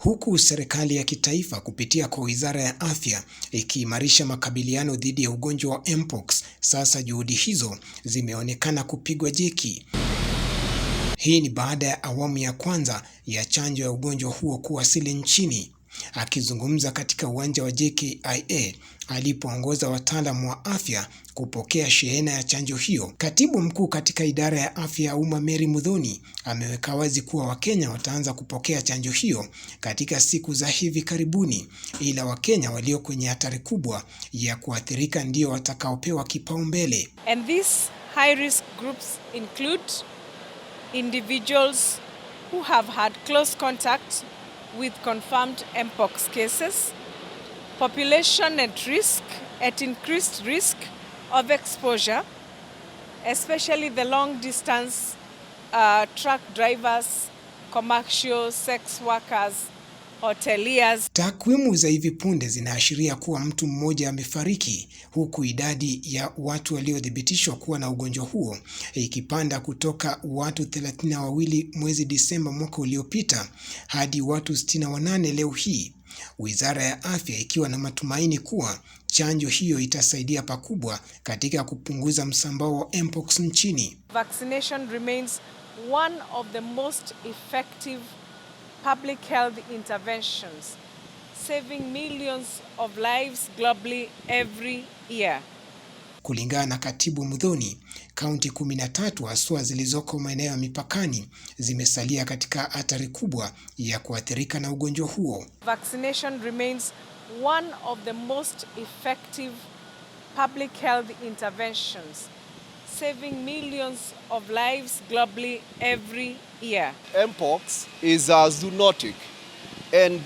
huku serikali ya kitaifa kupitia kwa Wizara ya Afya ikiimarisha makabiliano dhidi ya ugonjwa wa mpox. Sasa juhudi hizo zimeonekana kupigwa jeki. Hii ni baada ya awamu ya kwanza ya chanjo ya ugonjwa huo kuwasili nchini akizungumza katika uwanja wa JKIA alipoongoza wataalamu wa afya kupokea shehena ya chanjo hiyo. Katibu mkuu katika idara ya afya ya umma Mary Mudhoni ameweka wazi kuwa Wakenya wataanza kupokea chanjo hiyo katika siku za hivi karibuni, ila Wakenya walio kwenye hatari kubwa ya kuathirika ndio watakaopewa kipaumbele. And these high risk groups include individuals who have had close contact with confirmed mpox cases, population at risk, at increased risk of exposure, especially the long distance uh, truck drivers, commercial sex workers, hoteliers. Takwimu za hivi punde zinaashiria kuwa mtu mmoja amefariki huku idadi ya watu waliothibitishwa kuwa na ugonjwa huo ikipanda kutoka watu thelathini na wawili mwezi Disemba mwaka uliopita hadi watu sitini na wanane leo hii. Wizara ya Afya ikiwa na matumaini kuwa chanjo hiyo itasaidia pakubwa katika kupunguza msambao wa mpox nchini. Vaccination remains one of the most effective public health interventions, saving millions of lives globally every year. Kulingana na katibu Mdhoni, kaunti kumi na tatu haswa zilizoko maeneo ya mipakani zimesalia katika hatari kubwa ya kuathirika na ugonjwa huo. Vaccination remains one of the most effective public health interventions saving millions of lives globally every year. Mpox is a zoonotic and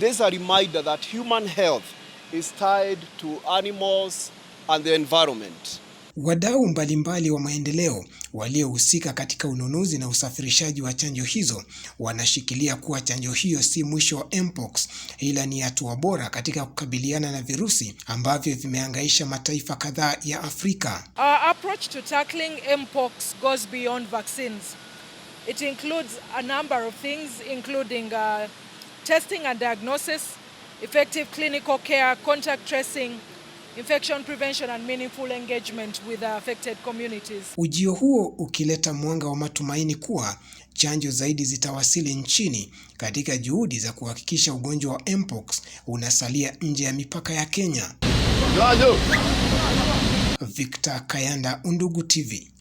there's a reminder that human health is tied to animals and the environment. Wadau mbalimbali wa maendeleo waliohusika katika ununuzi na usafirishaji wa chanjo hizo wanashikilia kuwa chanjo hiyo si mwisho wa mpox, ila ni hatua bora katika kukabiliana na virusi ambavyo vimehangaisha mataifa kadhaa ya Afrika. Our approach to tackling mpox goes beyond vaccines. It includes a number of things including uh, testing and diagnosis, effective clinical care, contact tracing infection prevention and meaningful engagement with the affected communities. Ujio huo ukileta mwanga wa matumaini kuwa chanjo zaidi zitawasili nchini katika juhudi za kuhakikisha ugonjwa wa Mpox unasalia nje ya mipaka ya Kenya. Victor Kayanda, Undugu TV.